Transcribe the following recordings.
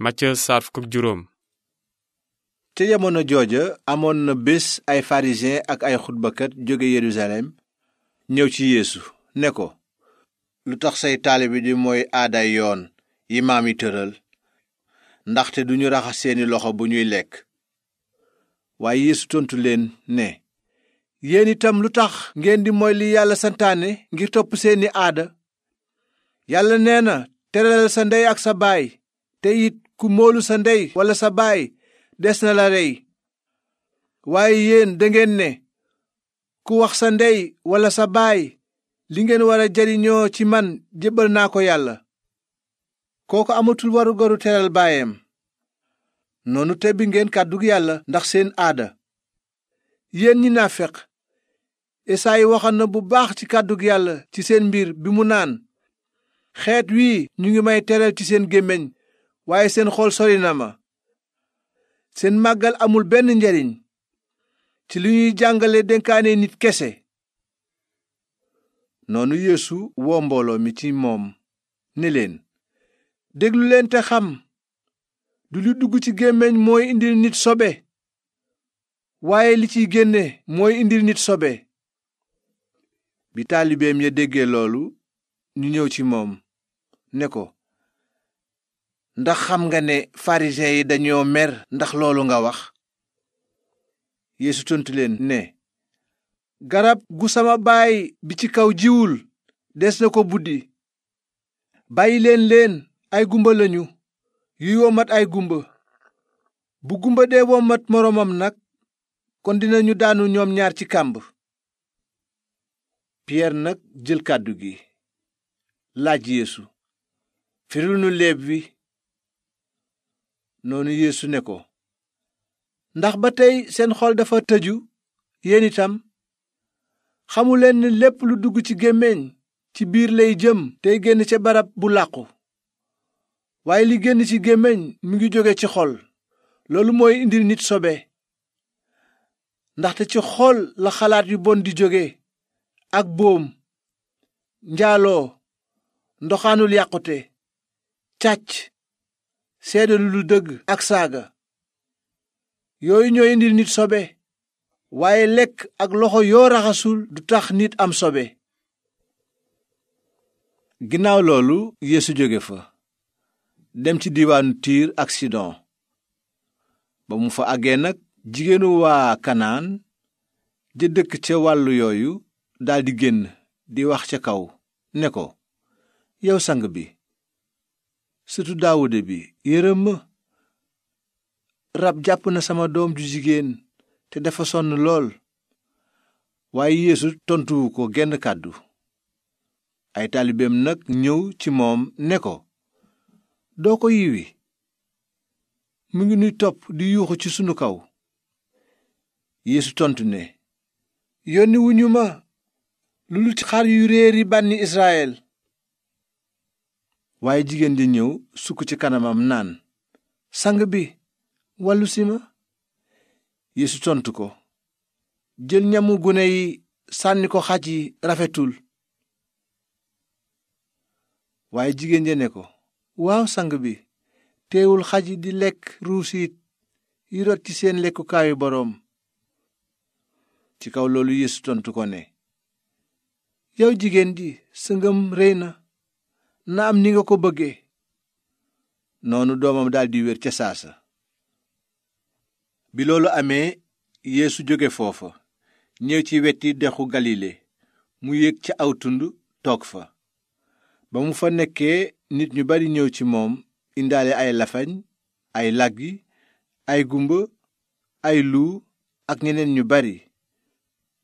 Matthieu saar fukk juróom ca jamono jooja amoon na bés ay pharisien ak ay xutbakat jóge yerusalem ñëw ci yéesu ne ko lu tax say taalibe di mooy aaday yoon yi maam yi tëral ndaxte duñu raxas seeni loxo bu ñuy lekk waaye yeesu tontu leen ne yéen itam lu tax ngeen di moy li yàlla santaane ngir topp seeni aada yàlla nee na teralal sa ndey ak sa baay te it ku moolu sa ndey walla sa baay des na la rey waaye yéen dangeen ne ku wax sa ndey walla sa baay li ngeen war a jariñoo ci man jébbal naa ko yàlla kooku amatul warugaru teral baayam noonu tebbi ngeen kàddug yàlla ndax seen aada yéen ñi naafeq esaayi waxoon na bu baax ci kàddug yàlla ci seen mbir bi mu naan xeet wii ñu ngi may teral ci seen gémmiñ waaye seen xool sori na ma seen màggal amul benn njariñ ci li ñuy jàngale dénkaane nit kese noonu yéesu woo mbooloo mi ci moom ne leen déglu leen te xam du lu dugg ci gémmiñ mooy indil nit sobe waaye li ciy génne mooy indil nit sobe bi taalibeem ya déggee loolu ñu ñëw ci moom ne ko ndax xam nga ne farisiyen yi dañoo mer ndax loolu nga wax yeesu tontu leen ne garab gu sama baay bi ci kaw jiwul des na ko buddi bàyyi leen leen ay gumba lañu yuy womat ay gumba bu gumba dee womat moroomam nag kon dinañu daanu ñoom ñaar ci kàmb piyeer nag jël kàddu gi laaj yeesu firil leeb wi noonu yeesu ne ko ndax ba tey seen xol dafa tëju yéen itam xamuleen ni lépp lu dugg ci gémmiñ ci biir lay jëm tey génn ca barab bu làqu waaye li génn ci gémmiñ mu ngi jóge ci xol loolu mooy indil nit sobe ndaxte ci xol la xalaat yu bon di jóge ak boom njaaloo ndoxaanul yàqute càcc seede lu lu dëgg ak saaga yooyu ñoo indil nit sobe waaye lekk ak loxo yoo raxasul du tax nit am sobe ginnaaw loolu yéesu jóge fa dem ci diwaanu tiir ak sidon ba mu fa àggee nag jigéenu waa kanaan ja dëkk ca wàllu yooyu daldi génn di wax ca kaw ne ko yow sang bi sëtu daawuda bi yërëm rab jàpp na sama doom ju jigéen te dafa sonn lool waaye yeesu tontuwu ko genn kàddu ay taalibeem nag ñëw ci moom ne ko doo ko yiwi mu ngi nuy topp di yuuxu ci sunu kaw yeesu tontu ne yónni ma lu lu ci xar yu réeri banni israel waaye jigéen ji ñëw sukk ci kanamam naan sang bi wàllu si ma yeesu tontu ko jël ñamu gune yi sànni ko xaj yi rafetul waaye jigéen ja ne ko waaw sang bi teewul xaj yi di lekk ruusiit yi rot ci seen lekkukaayu boroom ci kaw loolu yeesu tontu ko ne yow jigéen ji sëngam ngëm réy na na am ni nga ko bëggee noonu doomam daldi wér ca saasa bi loolu amee yéesu jóge foofa ñëw ci weti dexu galile mu yéeg ca aw tund toog fa ba mu fa nekkee nit ñu bari ñëw ci moom indaale ay lafañ ay làggi ay gumba ay luu ak ñeneen ñu bari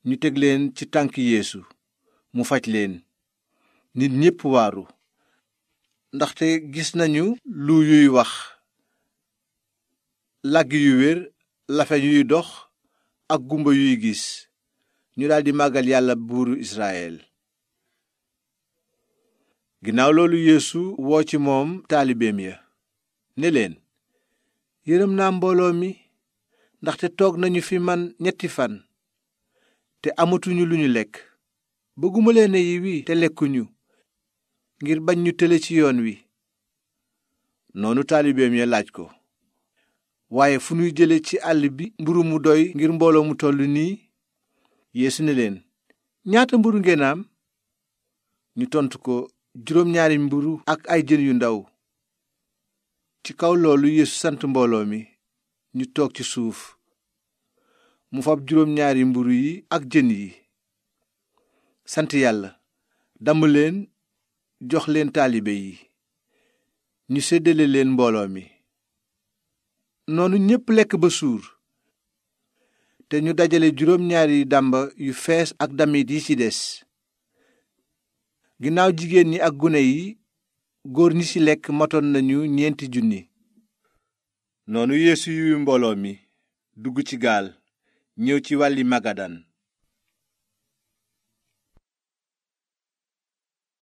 ñu teg leen ci tànk yeesu mu faj leen nit ñépp waaru ndaxte gis nañu lu yuy wax làgg yu wér lafe yuy dox ak gumba yuy gis ñu daldi màggal yàlla buuru Israyel ginnaaw loolu Yeesu woo ci moom taalibeem ya ni leen yërëm naa mbooloo mi ndaxte toog nañu fi man ñetti fan te amatuñu lu ñu lekk bëgguma leen a yiwi te lekkuñu ngir bañ ñu tële ci yoon wi noonu taalibeem ya laaj ko waaye fu nuy jële ci àll bi mburu mu doy ngir mbooloo mu toll nii yeesu ne leen ñaata mburu ngeen ñu tontu ko juróom ñaari mburu ak ay jën yu ndaw ci kaw loolu yeesu sant mbooloo mi ñu toog ci suuf mu fab juróom ñaari mburu yi ak jën yi sant yàlla damm leen jox leen taalibe yi ñu seddale leen mbooloo mi noonu ñépp lekk ba suur te ñu dajale juróom ñaari damba yu fees ak damit yi ci des ginnaaw jigéen ñi ak gune yi góor ñi ci lekk matoon nañu ñeenti junni noonu yeesu yuy mbooloo mi dugg ci gaal ñëw ci wàlli magadan